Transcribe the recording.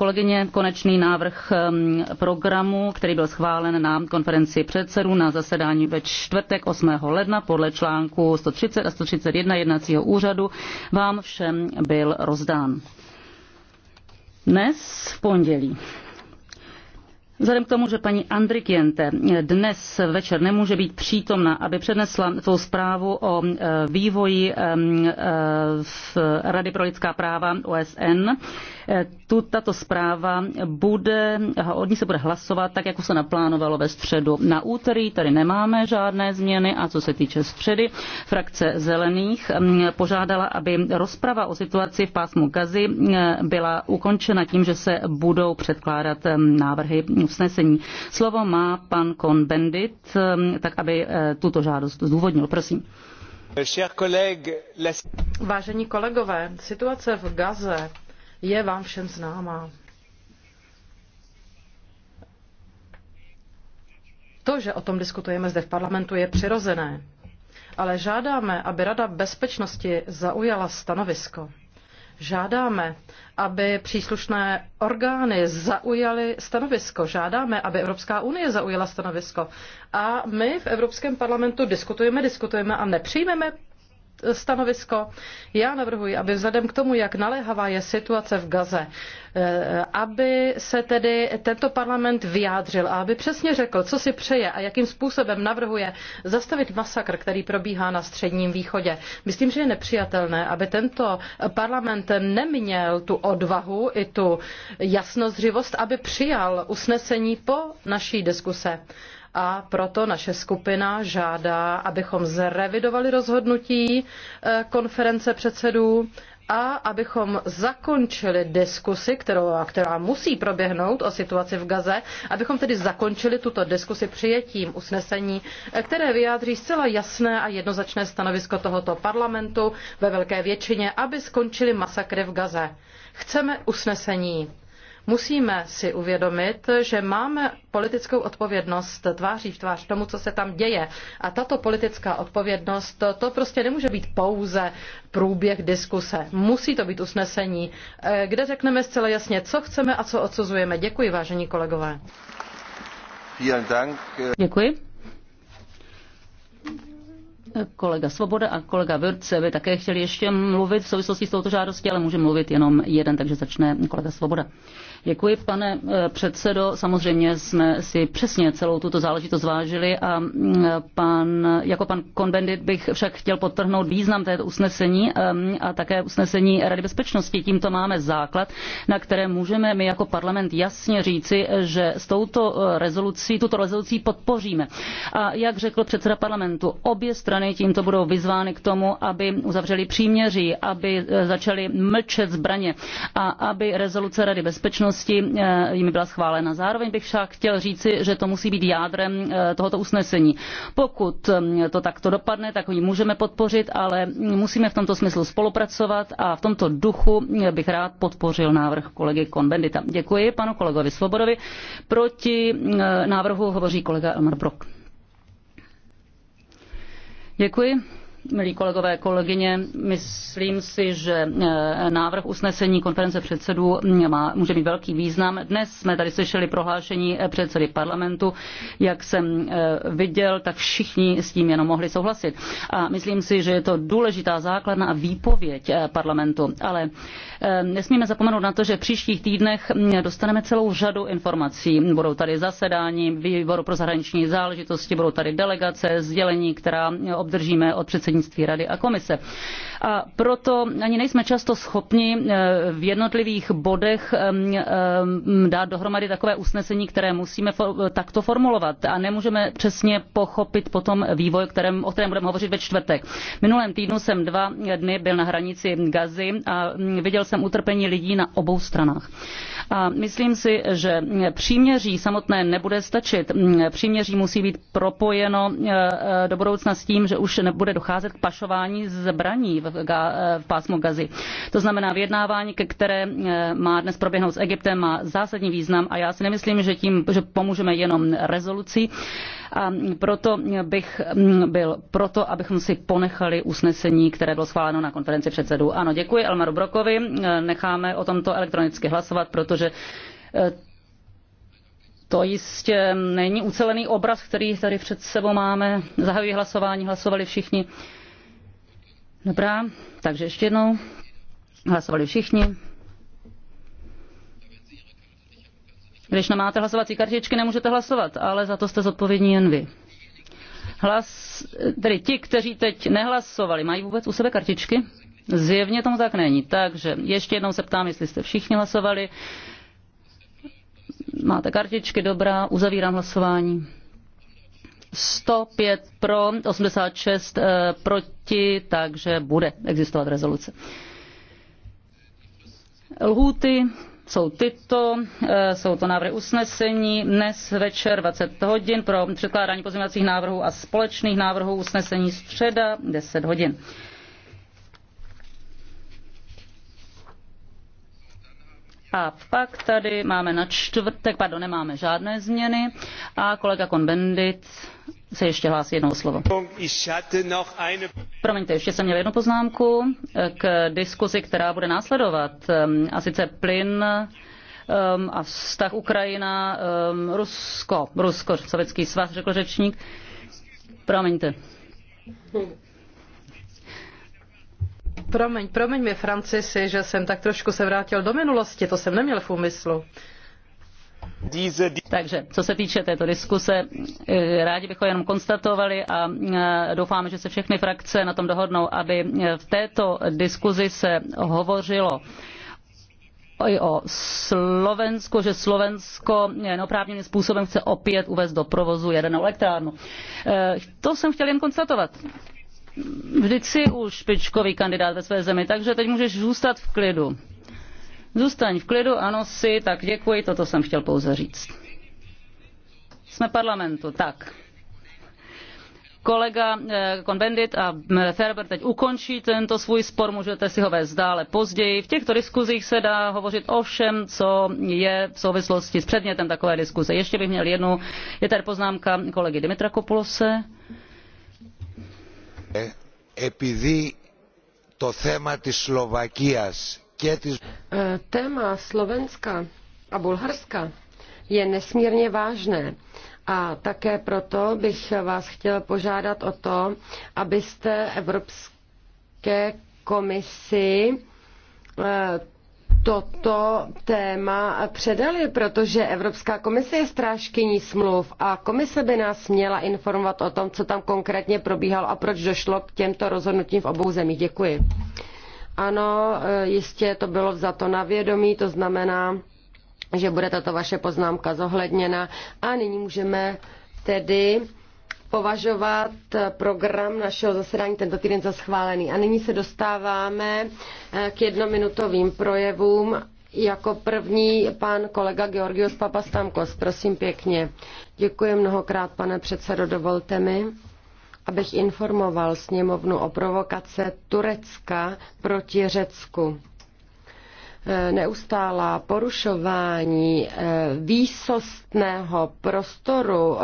Kolegyně, konečný návrh ehm, programu, který byl schválen na konferenci předsedů na zasedání ve čtvrtek 8. ledna podle článku 130 a 131 jednacího úřadu, vám všem byl rozdán. Dnes v pondělí Vzhledem k tomu, že paní Andrikiente dnes večer nemůže být přítomna, aby přednesla svou zprávu o ehm, vývoji ehm, v Rady pro lidská práva OSN, tu, tato zpráva bude, od ní se bude hlasovat tak, jako se naplánovalo ve středu. Na úterý tady nemáme žádné změny a co se týče středy, frakce zelených mm, požádala, aby rozprava o situaci v pásmu Gazy mm, byla ukončena tím, že se budou předkládat mm, návrhy usnesení. Slovo má pan Kon Bendit, tak aby eh, tuto žádost zdůvodnil. Prosím. Vážení kolegové, situace v Gaze je vám všem známá. To, že o tom diskutujeme zde v parlamentu, je přirozené, ale žádáme, aby Rada bezpečnosti zaujala stanovisko. Žádáme, aby příslušné orgány zaujaly stanovisko. Žádáme, aby Evropská unie zaujala stanovisko. A my v Evropském parlamentu diskutujeme, diskutujeme a nepřijmeme stanovisko. Já navrhuji, aby vzhledem k tomu, jak naléhavá je situace v Gaze, eh, aby se tedy tento parlament vyjádřil a aby přesně řekl, co si přeje a jakým způsobem navrhuje zastavit masakr, který probíhá na Středním východě. Myslím, že je nepřijatelné, aby tento parlament neměl tu odvahu i tu jasnozřivost, aby přijal usnesení po naší diskuse a proto naše skupina žádá, abychom zrevidovali rozhodnutí eh, konference předsedů a abychom zakončili diskusi, kterou, která musí proběhnout o situaci v Gaze, abychom tedy zakončili tuto diskusi přijetím usnesení, eh, které vyjádří zcela jasné a jednoznačné stanovisko tohoto parlamentu ve velké většině, aby skončili masakry v Gaze. Chceme usnesení Musíme si uvědomit, že máme politickou odpovědnost tváří v tvář tomu, co se tam děje. A tato politická odpovědnost, to prostě nemůže být pouze průběh diskuse. Musí to být usnesení, eh, kde řekneme zcela jasně, co chceme a co odsuzujeme. Děkuji, vážení kolegové. Děkuji. Kolega Svoboda a kolega Virce by také chtěli ještě mluvit v souvislosti s touto žádostí, ale může mluvit jenom jeden, takže začne kolega Svoboda. Děkuji, pane eh, předsedo. Samozřejmě jsme si přesně celou tuto záležitost zvážili a mm, pan, jako pan Konbendit bych však chtěl podtrhnout význam této usnesení eh, a také usnesení Rady bezpečnosti. Tímto máme základ, na které můžeme my jako parlament jasně říci, že s touto eh, rezolucí, tuto rezolucí podpoříme. A jak řekl předseda parlamentu, obě strany tímto budou vyzvány k tomu, aby uzavřeli příměří, aby začali mlčet zbraně a aby rezoluce Rady bezpečnosti bezpečnosti eh, jimi byla schválena. Zároveň bych však chtěl říci, že to musí být jádrem eh, tohoto usnesení. Pokud eh, to takto dopadne, tak ji můžeme podpořit, ale musíme v tomto smyslu spolupracovat a v tomto duchu bych rád podpořil návrh kolegy Konbendita. Děkuji panu kolegovi Svobodovi. Proti návrhu hovoří kolega Elmar Brok. Děkuji milí kolegové, kolegyně, myslím si, že eh, návrh usnesení konference předsedů má, může mít velký význam. Dnes jsme tady slyšeli prohlášení eh, předsedy parlamentu. Jak jsem eh, viděl, tak všichni s tím jenom mohli souhlasit. A myslím si, že je to důležitá základna a výpověď parlamentu. Ale nesmíme zapomenout na to, že v příštích týdnech mm, dostaneme celou řadu informací. Budou tady zasedání výboru pro zahraniční záležitosti, budou tady delegace, sdělení, která obdržíme od předsedy předsednictví Rady a Komise. A proto ani nejsme často schopni eh, v jednotlivých bodech eh, eh, dát dohromady takové usnesení, které musíme takto formulovat a nemůžeme přesně pochopit potom vývoj, kterém, o kterém budeme hovořit ve čtvrtek. Minulém týdnu jsem dva dny byl na hranici Gazy a mm, viděl jsem utrpení lidí na obou stranách. A myslím si, že mm, příměří samotné nebude stačit. Mm, příměří musí být propojeno do budoucna s tím, že už nebude docházet docházet k pašování zbraní v, eh, v pásmu Gazy. To znamená, vyjednávání, ke které eh, má dnes proběhnout s Egyptem, má zásadní význam a já si nemyslím, že tím že pomůžeme jenom rezolucí. A proto bych mm, byl proto, abychom si ponechali usnesení, které bylo schváleno na konferenci předsedů. Ano, děkuji Elmaru Brokovi. Eh, necháme o tomto elektronicky hlasovat, protože to jistě není ucelený obraz, který tady před sebou máme. Zahajuji hlasování, hlasovali všichni. Dobrá, takže ještě jednou. Hlasovali všichni. Když nemáte hlasovací kartičky, nemůžete hlasovat, ale za to jste zodpovědní jen vy. Hlas, tedy ti, kteří teď nehlasovali, mají vůbec u sebe kartičky? Zjevně tomu tak není. Takže ještě jednou se ptám, jestli jste všichni hlasovali. Máte kartičky, dobrá, uzavírám hlasování. 105 pro, 86 eh, proti, takže bude existovat rezoluce. Lhůty jsou tyto, eh, jsou to návrhy usnesení dnes večer 20 hodin pro předkládání pozměňovacích návrhů a společných návrhů usnesení středa 10 hodin. A pak tady máme na čtvrtek, pardon, nemáme žádné změny a kolega Konbendit se ještě hlásí jednou slovo. Promiňte, ještě jsem měl jednu poznámku k diskuzi, která bude následovat, ehm, a sice plyn ehm, a vztah Ukrajina, ehm, Rusko, Rusko, Sovětský svaz, řekl řečník. Promiňte. Promiň, promiň mi, Francisi, že jsem tak trošku se vrátil do minulosti, to jsem neměl v úmyslu. Takže co se týče této diskuse, eh, rádi bychom jenom konstatovali a eh, doufáme, že se všechny frakce na tom dohodnou, aby eh, v této diskuzi se hovořilo i o Slovensku, že Slovensko neoprávněným způsobem chce opět uvést do provozu jadernou elektrárnu. To jsem chtěl jen konstatovat vždyť jsi už špičkový kandidát ve své zemi, takže teď můžeš zůstat v klidu. Zůstaň v klidu, ano, si, tak děkuji, toto jsem chtěl pouze říct. Jsme parlamentu, tak. Kolega Konbendit eh, a mm, Ferber teď ukončí tento svůj spor, můžete si ho vést dále později. V těchto diskuzích se dá hovořit o všem, co je v souvislosti s předmětem takové diskuze. Ještě bych měl jednu, je tady poznámka kolegy Dimitra Kopulose. Téma Slovenska a Bulharska je nesmírně vážné. A také proto bych vás chtěl požádat o to, abyste Evropské komisi eh, toto téma předali, protože Evropská komise je strážkyní smluv a komise by nás měla informovat o tom, co tam konkrétně probíhalo a proč došlo k těmto rozhodnutím v obou zemích. Děkuji. Ano, eh, jistě to bylo vzato na vědomí, to znamená, že bude tato vaše poznámka zohledněna. A nyní můžeme tedy považovat program našeho zasedání tento týden za schválený. A nyní se dostáváme eh, k jednominutovým projevům. Jako první pan kolega Georgios Papastamkos. Prosím pěkně. Děkuji mnohokrát, pane předsedo. Dovolte mi, abych informoval sněmovnu o provokace Turecka proti Řecku eh, neustálá porušování eh, výsostného prostoru